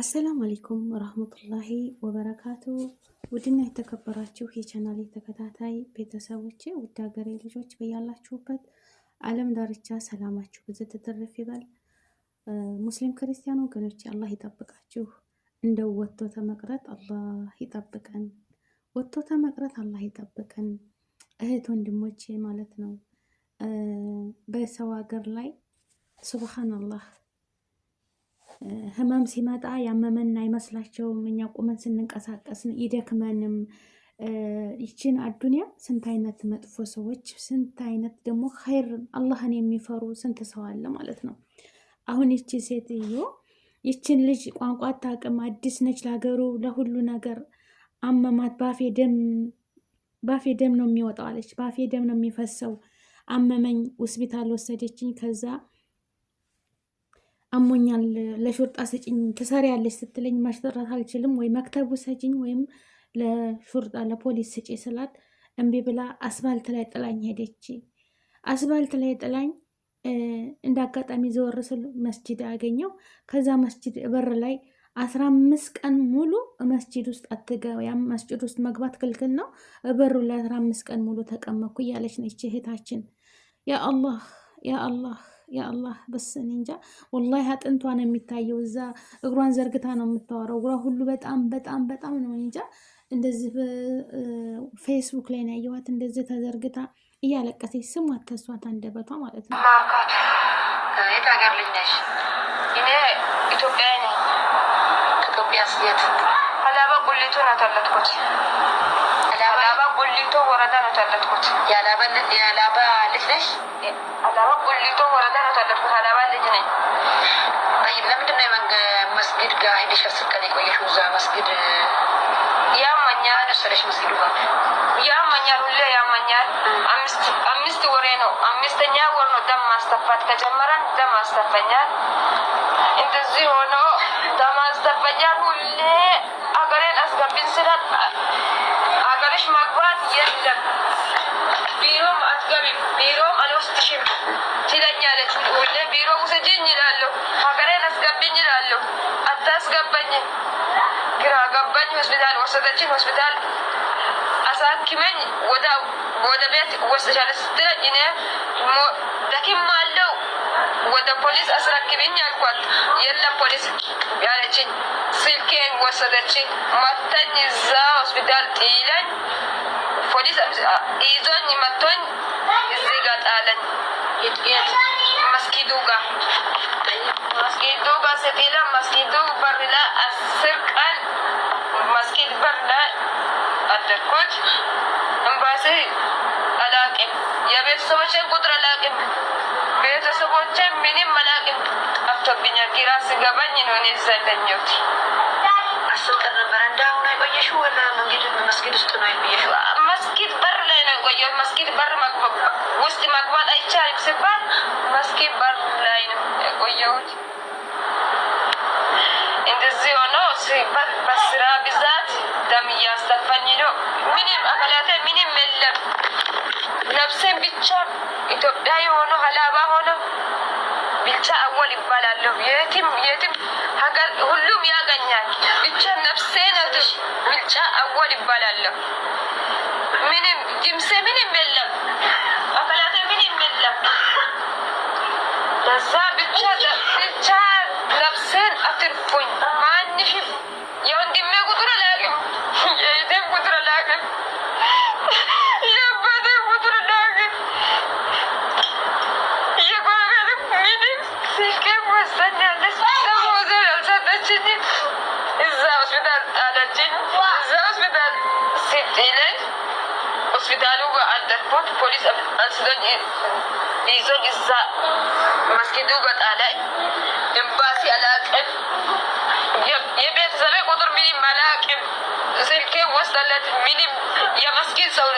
አሰላሙ አሌይኩም ወራህመቱላሂ ወበረካቱ። ውድና የተከበራችሁ የቻናሌ ተከታታይ ቤተሰቦች ውድ ሀገሬ ልጆች በያላችሁበት ዓለም ዳርቻ ሰላማችሁ ብዙ ትትርፍ ይበል። ሙስሊም ክርስቲያን ወገኖች አላህ ይጠብቃችሁ። እንደው ወጥቶ ተመቅረት አላህ ይጠብቀን፣ ወጥቶ ተመቅረት አላህ ይጠብቀን። እህት ወንድሞቼ ማለት ነው በሰው ሀገር ላይ ሱብሃን አላህ ህመም ሲመጣ ያመመን አይመስላቸውም። እኛ ቁመን ስንንቀሳቀስ ይደክመንም። ይችን አዱንያ ስንት አይነት መጥፎ ሰዎች፣ ስንት አይነት ደግሞ ኸይር አላህን የሚፈሩ ስንት ሰው አለ ማለት ነው። አሁን ይቺ ሴትዮ ይችን ልጅ ቋንቋ አታውቅም፣ አዲስ ነች ለሀገሩ ለሁሉ ነገር። አመማት። ባፌ ደም ባፌ ደም ነው የሚወጣው አለች። ባፌ ደም ነው የሚፈሰው አመመኝ። ሆስፒታል ወሰደችኝ። ከዛ አሞኛል ለሾርጣ ስጭኝ ትሰሪያለሽ ስትለኝ ማሽጠራት አልችልም ወይ መክተቡ ሰጭኝ ወይም ለሾርጣ ለፖሊስ ስጪ ስላት እምቢ ብላ አስፋልት ላይ ጥላኝ ሄደች። አስፋልት ላይ ጥላኝ እንደ አጋጣሚ ዘወር ስል መስጂድ አገኘው። ከዛ መስጂድ በር ላይ አስራ አምስት ቀን ሙሉ መስጂድ ውስጥ አትገባም፣ መስጂድ ውስጥ መግባት ክልክል ነው። በሩ ላይ አስራ አምስት ቀን ሙሉ ተቀመኩ እያለች ነች እህታችን። ያ አላህ ያ አላህ የአላህ በስን እንጃ ወላሂ አጥንቷ ነው የሚታየው። እዛ እግሯን ዘርግታ ነው የምታወራው። እግሯ ሁሉ በጣም በጣም በጣም ነው እንጃ። እንደዚህ ፌስቡክ ላይ ነው ያየኋት፣ እንደዚህ ተዘርግታ እያለቀሰች ስሟ ተሷት አንደበቷ ማለት ነው። የት ሀገር ልጅ ነሽ? እኔ ኢትዮጵያ ነኝ። ኢትዮጵያ ስየት አዳባ ቁሊቱን አተለጥኩት ሊቶ ወረዳ ነው የተወለድኩት። የአላባ ልጅ ነሽ? አላባ ቁሊቶ ወረዳ ነው የተወለድኩት። አላባ ልጅ ነኝ። አይ ለምንድን ነው የመንገ መስጊድ ጋር ሄደሽ አስር ቀን የቆየሽው? እዛ መስጊድ ያመኛል መሰለሽ? መስጊዱ ጋር ያመኛል፣ ሁሌ ያመኛል። አምስት ወሬ ነው አምስተኛ ወር ነው ደም ማስተፋት ከጀመረን ደም ማስተፈኛል። እንደዚህ ሆኖ ደም ማስተፈኛል። ሁሌ አገሬን አስገብኝ ስላል አብረሽ ማግባት የለም ቢሮም አትገቢም ቢሮም አልወስድሽም ትለኛለች። ሁሌ ቢሮ ውሰጂኝ እላለሁ፣ ሀገሬን አስገብኝ እላለሁ። አታስገባኝም። ግራ ገባኝ። ሆስፒታል ወሰደችኝ። ሆስፒታል አሳክመኝ ወደ ቤት ወስደሻለች ስትለኝ እኔ ደክማለሁ ወደ ፖሊስ አስረክብኝ አልኳት። የለም ፖሊስ ያለችኝ። ስልኬን ወሰደችኝ፣ መታኝ። እዛ ሆስፒታል ጥለኝ፣ ፖሊስ ይዞኝ መቶኝ እዚህ ጋ ጣለኝ። መስጊዱ ጋ መስጊዱ ጋ ስጥላ መስጊዱ በር ላይ አስር ቀን መስጊድ በር ላይ አደርኩት። እምባሴ አላቅም፣ የቤተሰቦችን ቁጥር አላቅም። ቤተሰቦቼ ምንም መላቅ ጠፍቶብኛል። ግራ ስገባኝ ነው እኔ እዛ የተኛሁት። አስር ቀን ነበረ። እንዳሁን ነው የቆየሽው ወላ መንገድ መስጊድ ውስጥ ነው የቆየሽው? መስጊድ በር ላይ ነው የቆየሁት። መስጊድ በር ውስጥ መግባት አይቻልም ሲባል መስጊድ በር ላይ ነው የቆየሁት። እንደዚህ ሆኖ በስራ ብዛት ደም እያስተ ኢትዮጵያ የሆነ ሀላባ ሆነ ብቻ አወል ይባላለሁ። የትም የትም ሀገር ሁሉም ያገኛል። ብቻ ነፍሴ ነትሽ ብቻ አወል ይባላለሁ። ምንም ጅምሴ ምንም የለም፣ አካላቴ ምንም የለም። ለዛ ዜለን ሆስፒታሉ ጋር ፖሊስ አንስቶኝ ይዞ እዛ መስጊዱ ጋር ኤምባሲ አላቅም። የቤተሰብ ቁጥር ምንም አላቅም። ስልኬ ወስዳለት ምንም የመስጊድ ሰው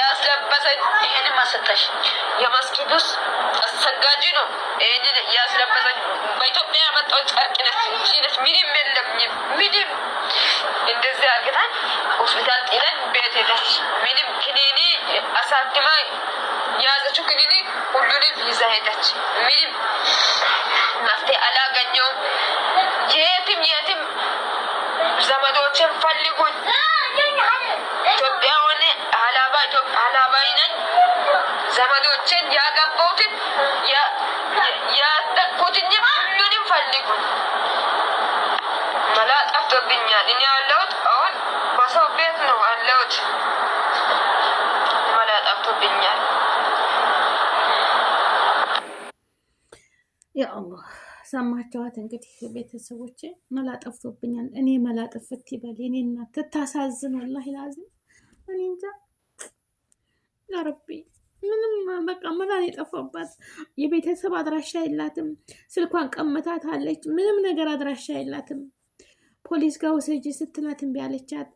ያስለበሰኝ ይህን አሰጠሽ። የመስጊድ አሰጋጂ አሰጋጅ ነው ይህንን ያስለበሰኝ። በኢትዮጵያ መጣው ጨርቅ ነች። ምንም የለም። ምንም አድባ የያዘችው ክኒኒ ሁሉንም ይዛ ሄደች። ምንም መፍትሄ አላገኘውም። የትም የትም ዘመዶችን ፈልጉኝ ኢትዮጵያ ሆነ ሀላባይ ነኝ ዘመዶችን ያገባሁትን ያጠቁትኝም ሁሉንም ፈልጉኝ መላ ጠፍቶብኛል እኔ ያለው ሰማቸዋት እንግዲህ ቤተሰቦች፣ መላ ጠፍቶብኛል። እኔ መላ ጥፍት ይበል የኔ እናት ትታሳዝን። ወላሂ ላዝም እኔ እንጃ ያረቢ ምንም በቃ መላን የጠፋባት። የቤተሰብ አድራሻ የላትም። ስልኳን ቀምታት አለች። ምንም ነገር አድራሻ የላትም። ፖሊስ ጋር ውሰጂ ስትላትም ቢያለቻት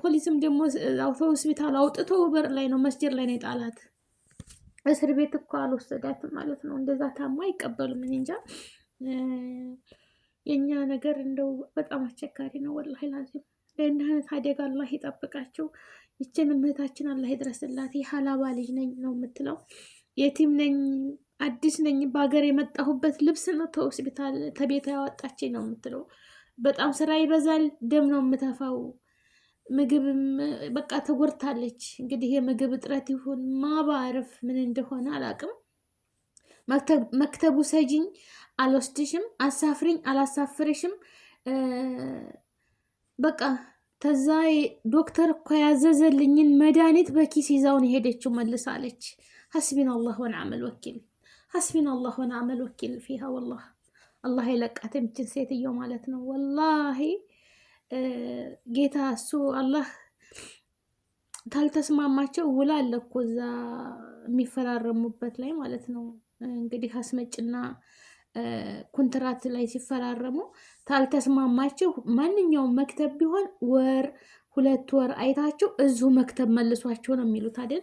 ፖሊስም ደግሞ ሆስፒታል አውጥቶ በር ላይ ነው መስጀር ላይ ነው የጣላት። እስር ቤት እኮ አልወሰዳትም ማለት ነው። እንደዛ ታማ አይቀበሉም። እኔ እንጃ የእኛ ነገር እንደው በጣም አስቸጋሪ ነው። ወላሂ ላዚም ለእንዲህ አይነት አደጋ አላህ ይጠብቃቸው። ይችን እምህታችን አላህ ይድረስላት። የሀላባ ልጅ ነኝ ነው የምትለው። የቲም ነኝ አዲስ ነኝ በሀገር የመጣሁበት ልብስ ነው ተሆስፒታል ተቤታ ያወጣችኝ ነው የምትለው። በጣም ስራ ይበዛል፣ ደም ነው የምተፋው። ምግብም በቃ ተጎድታለች። እንግዲህ የምግብ እጥረት ይሁን ማባረፍ ምን እንደሆነ አላቅም። መክተቡ ሰጂኝ አልወስድሽም፣ አሳፍሪኝ አላሳፍርሽም። በቃ ከዛ ዶክተር እኮ ያዘዘልኝን መድኃኒት በኪስ ይዛውን የሄደችው መልሳለች። ሀስቢን አላህ ወንዓመል ወኪል፣ ሀስቢን አላህ ወንዓመል ወኪል ፊሃ ወላህ። አላህ የለቃት የምችን ሴትዮ ማለት ነው። ወላሂ ጌታ እሱ አላህ ታልተስማማቸው ውላ አለ እኮ እዛ የሚፈራረሙበት ላይ ማለት ነው። እንግዲህ አስመጭና ኮንትራት ላይ ሲፈራረሙ ታልተስማማችሁ ማንኛውም መክተብ ቢሆን ወር ሁለት ወር አይታችሁ እዚሁ መክተብ መልሷቸው ነው የሚሉት አይደል?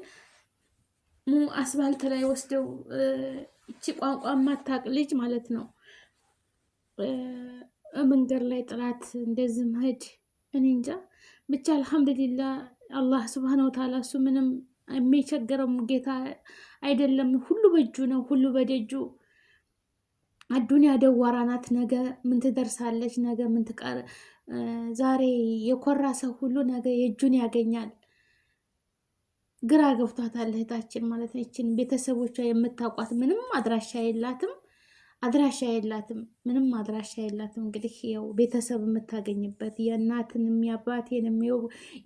አስፋልት ላይ ወስደው እቺ ቋንቋ ማታቅ ልጅ ማለት ነው መንገድ ላይ ጥላት እንደዚህ መሄድ እኔ እንጃ ብቻ አልሐምዱሊላ አላህ ስብሃነ ወተዓላ እሱ ምንም የሚቸገረውም ጌታ አይደለም። ሁሉ በእጁ ነው፣ ሁሉ በደጁ። አዱንያ ደዋራ ናት። ነገ ምን ትደርሳለች? ነገ ምን ትቀር? ዛሬ የኮራ ሰው ሁሉ ነገ የእጁን ያገኛል። ግራ ገብቷታል እህታችን ማለት ነው። ይችን ቤተሰቦቿ የምታውቋት ምንም አድራሻ የላትም። አድራሻ የላትም፣ ምንም አድራሻ የላትም። እንግዲህ ያው ቤተሰብ የምታገኝበት የእናትንም የአባቴንም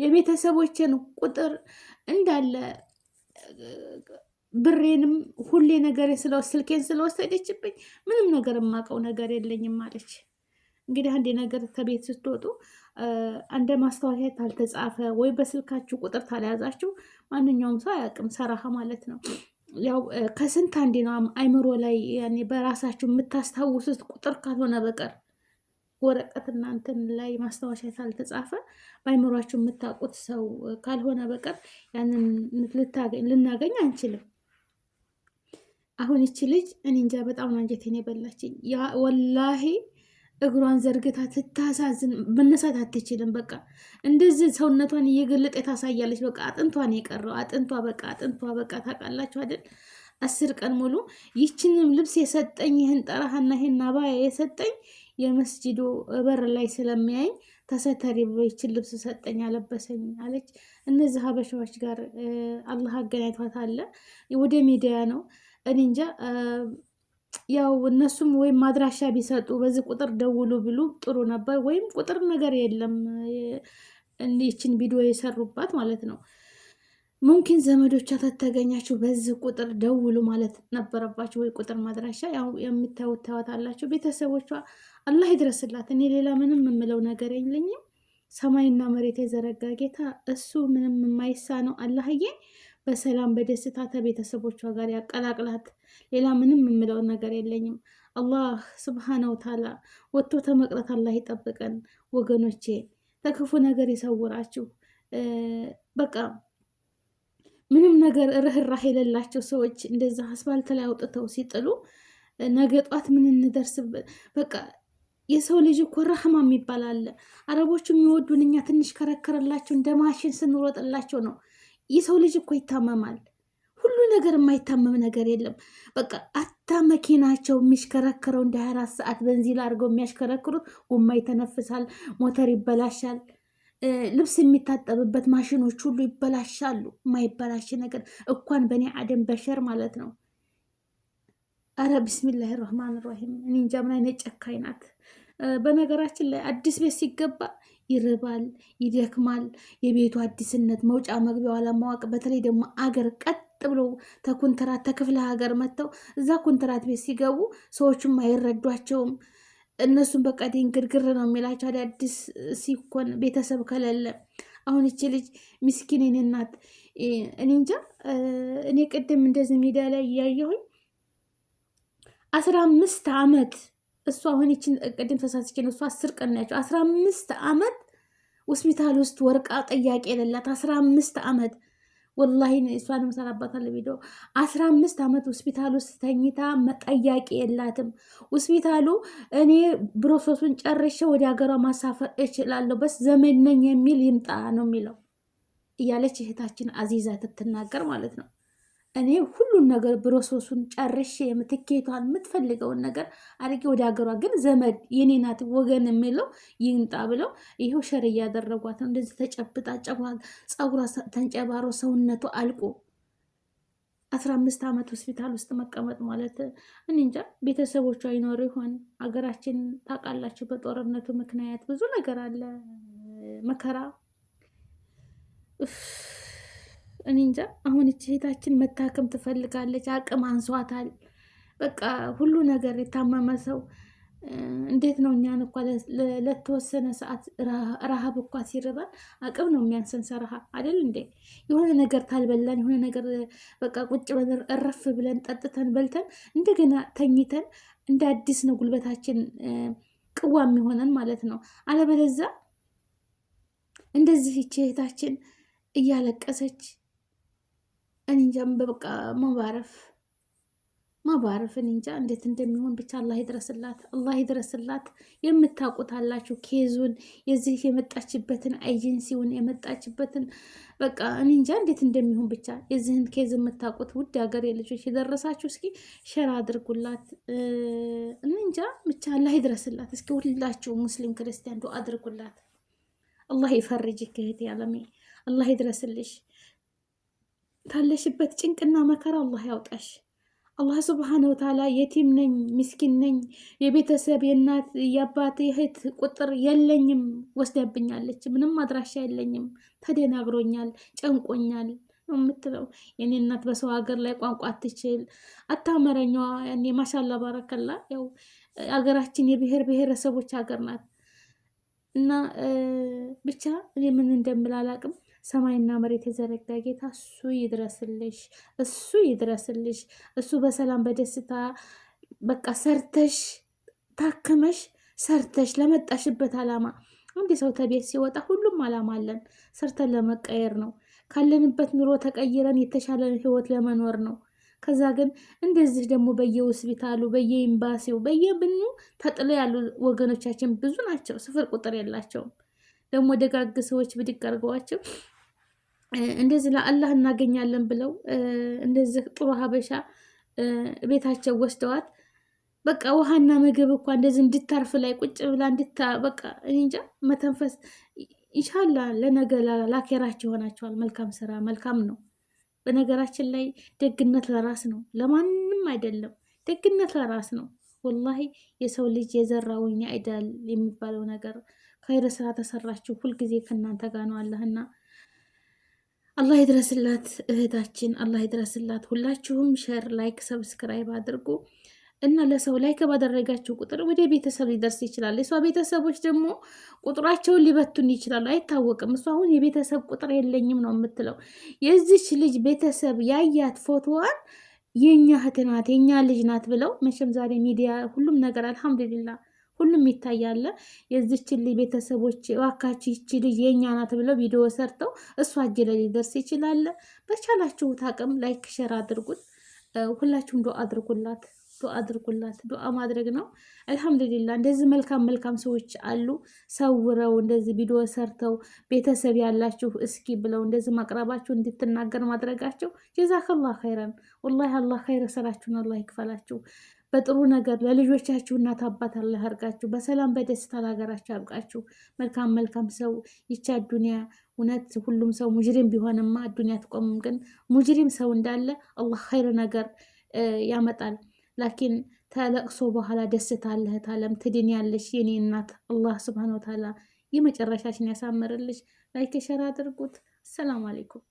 የቤተሰቦችን ቁጥር እንዳለ ብሬንም ሁሌ ነገር ስልኬን ስለወሰደችብኝ ምንም ነገር የማውቀው ነገር የለኝም አለች። እንግዲህ አንድ ነገር ከቤት ስትወጡ እንደ ማስታወቂያ ታልተጻፈ ወይ በስልካችሁ ቁጥር ታልያዛችሁ ማንኛውም ሰው አያውቅም፣ ሰራሃ ማለት ነው። ያው ከስንት አንዴ ነው አይምሮ ላይ ያኔ በራሳችሁ የምታስታውሱት ቁጥር ካልሆነ በቀር ወረቀት እናንተን ላይ ማስታወሻ ካልተጻፈ በአይምሯችሁ የምታውቁት ሰው ካልሆነ በቀር ያንን ልናገኝ አንችልም። አሁን ይቺ ልጅ እኔ እንጃ በጣም ነው አንጀቴን የበላችኝ። ወላሄ እግሯን ዘርግታ ትታሳዝን መነሳት አትችልም። በቃ እንደዚህ ሰውነቷን እየገለጠ ታሳያለች። በቃ አጥንቷን የቀረው አጥንቷ በቃ አጥንቷ በቃ ታውቃላችሁ አይደል? አስር ቀን ሙሉ ይችንም ልብስ የሰጠኝ ይህን ጠራሃና ይህን አባያ የሰጠኝ የመስጂዱ በር ላይ ስለሚያይኝ ተሰተሪ ብሎ ይችን ልብስ ሰጠኝ አለበሰኝ አለች። እነዚህ ሀበሻዎች ጋር አላህ አገናኝቷት አለ ወደ ሚዲያ ነው እኔ እንጃ ያው እነሱም ወይም ማድራሻ ቢሰጡ በዚህ ቁጥር ደውሉ ብሉ ጥሩ ነበር። ወይም ቁጥር ነገር የለም ይችን ቪዲዮ የሰሩባት ማለት ነው። ሙምኪን ዘመዶቿ ተተገኛችሁ በዚህ ቁጥር ደውሉ ማለት ነበረባችሁ፣ ወይ ቁጥር ማድራሻ። ያው የምታዩት ታዩታላችሁ። ቤተሰቦቿ አላህ ይድረስላት። እኔ ሌላ ምንም የምለው ነገር የለኝም። ሰማይና መሬት የዘረጋ ጌታ እሱ ምንም የማይሳ ነው። አላህዬ በሰላም በደስታ ከቤተሰቦቿ ጋር ያቀላቅላት። ሌላ ምንም የምለው ነገር የለኝም። አላህ ስብሓነሁ ወተዓላ ወጥቶ ተመቅረት አላህ ይጠብቀን። ወገኖቼ ተክፉ ነገር ይሰውራችሁ። በቃ ምንም ነገር ርህራህ የሌላቸው ሰዎች እንደዛ አስፋልት ላይ አውጥተው ሲጥሉ ነገ ጧት ምን እንደርስበት በቃ የሰው ልጅ እኮ ረህማ የሚባል አለ። አረቦቹ የሚወዱን እኛ ትንሽ ከረከረላቸው እንደ ማሽን ስንሮጥላቸው ነው። የሰው ልጅ እኮ ይታመማል። ሁሉ ነገር የማይታመም ነገር የለም። በቃ አታ መኪናቸው የሚሽከረከረው እንደ ሀያ አራት ሰዓት በንዚል አድርገው የሚያሽከረክሩት ጎማ ይተነፍሳል፣ ሞተር ይበላሻል፣ ልብስ የሚታጠብበት ማሽኖች ሁሉ ይበላሻሉ። የማይበላሽ ነገር እንኳን በእኔ አደም በሸር ማለት ነው። አረ ቢስሚላህ ራህማን ራሂም። እኔ እንጃ ምን አይነት ጨካኝ ናት። በነገራችን ላይ አዲስ ቤት ሲገባ ይርባል፣ ይደክማል። የቤቱ አዲስነት መውጫ መግቢያው አለማወቅ፣ በተለይ ደግሞ አገር ቀጥ ብሎ ተኩንትራት ተክፍለ ሀገር መጥተው እዛ ኩንትራት ቤት ሲገቡ ሰዎቹም አይረዷቸውም። እነሱም በቃ ግርግር ነው የሚላቸው አዳዲስ ሲኮን ቤተሰብ ከሌለ። አሁን ይቺ ልጅ ምስኪን እናት እኔ እንጃ። እኔ ቅድም እንደዚህ ሜዳ ላይ እያየሁኝ አስራ አምስት አመት እሱ አሁን ይችን ቅድም ነው እሱ አስር ቀን ናቸው አስራ አምስት ዓመት ሆስፒታል ውስጥ ወርቃ ጠያቄ የሌላት አስራ አምስት ዓመት ወላሂ እሷን እምሰራባታለሁ ቪዲዮ አስራ አምስት ዓመት ሆስፒታል ውስጥ ተኝታ መጠያቂ የላትም። ሆስፒታሉ እኔ ብሮሰሱን ጨርሼ ወደ ሀገሯ ማሳፈር እችላለሁ በስ ዘመድ ነኝ የሚል ይምጣ ነው የሚለው እያለች እህታችን አዚዛ ትትናገር ማለት ነው። እኔ ሁሉን ነገር ብሮሶሱን ጨርሼ የምትኬቷን የምትፈልገውን ነገር አድርጌ ወደ ሀገሯ ግን ዘመድ የኔ ናት ወገን የሚለው ይንጣ ብለው ይሄው ሸር እያደረጓት ነው። እንደዚህ ተጨብጣ ፀጉሯ ተንጨባሮ ሰውነቱ አልቆ አስራ አምስት ዓመት ሆስፒታል ውስጥ መቀመጥ ማለት እኔ እንጃ። ቤተሰቦቿ ይኖሩ ይሆን? ሀገራችን ታውቃላችሁ፣ በጦርነቱ ምክንያት ብዙ ነገር አለ መከራ እኔ እንጃ። አሁን እቺ እህታችን መታከም ትፈልጋለች፣ አቅም አንሷታል። በቃ ሁሉ ነገር የታመመ ሰው እንዴት ነው? እኛን እኳ ለተወሰነ ሰዓት ረሃብ እኳ ሲርበን አቅም ነው የሚያንሰን። ሰረሃ አይደል እንዴ? የሆነ ነገር ታልበላን የሆነ ነገር በቃ ቁጭ ብለን እረፍ ብለን ጠጥተን በልተን እንደገና ተኝተን እንደ አዲስ ነው ጉልበታችን ቅዋ የሚሆነን ማለት ነው። አለበለዛ እንደዚህ ይህች እህታችን እያለቀሰች እንጃም በበቃ መባረፍ መባረፍ እንጃ እንዴት እንደሚሆን ብቻ አላህ ይድረስላት፣ አላህ ይድረስላት። የምታውቁት አላችሁ ኬዙን የዚህ የመጣችበትን ኤጀንሲውን የመጣችበትን በቃ እንጃ እንዴት እንደሚሆን ብቻ የዚህን ኬዝ የምታውቁት ውድ ሀገር ልጆች የደረሳችሁ እስኪ ሸራ አድርጉላት። እንጃ ብቻ አላህ ይድረስላት። እስኪ ሁላችሁ ሙስሊም ክርስቲያን ዱአ አድርጉላት። አላህ ይፈርጅ ክህት ያለሜ አላህ ይድረስልሽ። ካለሽበት ጭንቅና መከራ አላህ ያውጣሽ። አላህ ስብሓን ወተዓላ የቲም ነኝ ምስኪን ነኝ የቤተሰብ የእናት የአባት የእህት ቁጥር የለኝም ወስዳብኛለች፣ ምንም አድራሻ የለኝም፣ ተደናግሮኛል፣ ጨንቆኛል ምትለው የምትለው። የኔ እናት በሰው ሀገር ላይ ቋንቋ አትችል አታመረኛዋ ያኔ ማሻላ ባረከላ። ያው ሀገራችን የብሔር ብሔረሰቦች ሀገር ናት እና ብቻ እኔ ምን እንደምል አላቅም። ሰማይና መሬት የዘረጋ ጌታ እሱ ይድረስልሽ፣ እሱ ይድረስልሽ። እሱ በሰላም በደስታ በቃ ሰርተሽ ታክመሽ ሰርተሽ ለመጣሽበት አላማ አንድ ሰው ተቤት ሲወጣ ሁሉም አላማ አለን። ሰርተን ለመቀየር ነው። ካለንበት ኑሮ ተቀይረን የተሻለን ህይወት ለመኖር ነው። ከዛ ግን እንደዚህ ደግሞ በየሆስፒታሉ በየኤምባሲው በየብኑ ተጥሎ ያሉ ወገኖቻችን ብዙ ናቸው። ስፍር ቁጥር የላቸውም። ደግሞ ደጋግ ሰዎች ብድግ አድርገዋቸው እንደዚህ ለአላህ እናገኛለን ብለው እንደዚህ ጥሩ ሀበሻ ቤታቸው ወስደዋት በቃ ውሃና ምግብ እኳ እንደዚህ እንድታርፍ ላይ ቁጭ ብላ እንድታ በቃ እንጃ መተንፈስ ኢንሻላ ለነገ ላኬራችሁ ይሆናቸዋል። መልካም ስራ መልካም ነው። በነገራችን ላይ ደግነት ለራስ ነው፣ ለማንም አይደለም። ደግነት ለራስ ነው። ወላሂ የሰው ልጅ የዘራውኛ አይዳል የሚባለው ነገር ከይረ ስራ ተሰራችሁ ሁልጊዜ ከእናንተ ጋር ነው አለህና አላህ ይድረስላት እህታችን፣ አላህ ይድረስላት። ሁላችሁም ሸር፣ ላይክ፣ ሰብስክራይብ አድርጉ እና ለሰው ላይክ ባደረጋችሁ ቁጥር ወደ ቤተሰብ ሊደርስ ይችላል። እሷ ቤተሰቦች ደግሞ ቁጥራቸውን ሊበቱን ይችላሉ፣ አይታወቅም። እሷ አሁን የቤተሰብ ቁጥር የለኝም ነው የምትለው። የዚች ልጅ ቤተሰብ ያያት ፎቶዋን የእኛ እህት ናት የእኛ ልጅ ናት ብለው መቼም ዛሬ ሚዲያ ሁሉም ነገር አልሐምዱሊላህ ሁሉም ይታያለ። የዚችን ልጅ ቤተሰቦች ዋካች ይቺ ልጅ የእኛ ናት ብለው ቪዲዮ ሰርተው እሷ እጅ ላይ ሊደርስ ይችላለ። በቻላችሁት አቅም ላይክ ሸር አድርጉት። ሁላችሁም ዶ አድርጉላት። ዱዓ አድርጉላት። ዱዓ ማድረግ ነው። አልሐምዱሊላ እንደዚህ መልካም መልካም ሰዎች አሉ። ሰውረው እንደዚህ ቪዲዮ ሰርተው ቤተሰብ ያላችሁ እስኪ ብለው እንደዚህ ማቅረባችሁ እንድትናገር ማድረጋቸው ጀዛከላ ኸይረን። ወላሂ አላህ ኸይረ ሰራችሁን አላህ ይክፈላችሁ። በጥሩ ነገር ለልጆቻችሁ እናት አባት አላህ ያርጋችሁ። በሰላም በደስታ ለሀገራችሁ ያብቃችሁ። መልካም መልካም ሰው ይቻ ዱኒያ እውነት ሁሉም ሰው ሙጅሪም ቢሆንማ ዱኒያ ትቆምም። ግን ሙጅሪም ሰው እንዳለ አላህ ኸይረ ነገር ያመጣል። ላኪን ተለቅሶ በኋላ ደስታ አለህት አለም ትድን ያለሽ የኔ እናት አላህ ስብሃነ ወተዓላ የመጨረሻሽን ያሳምርልሽ። ላይክ ሸር አድርጉት። ሰላም አለይኩም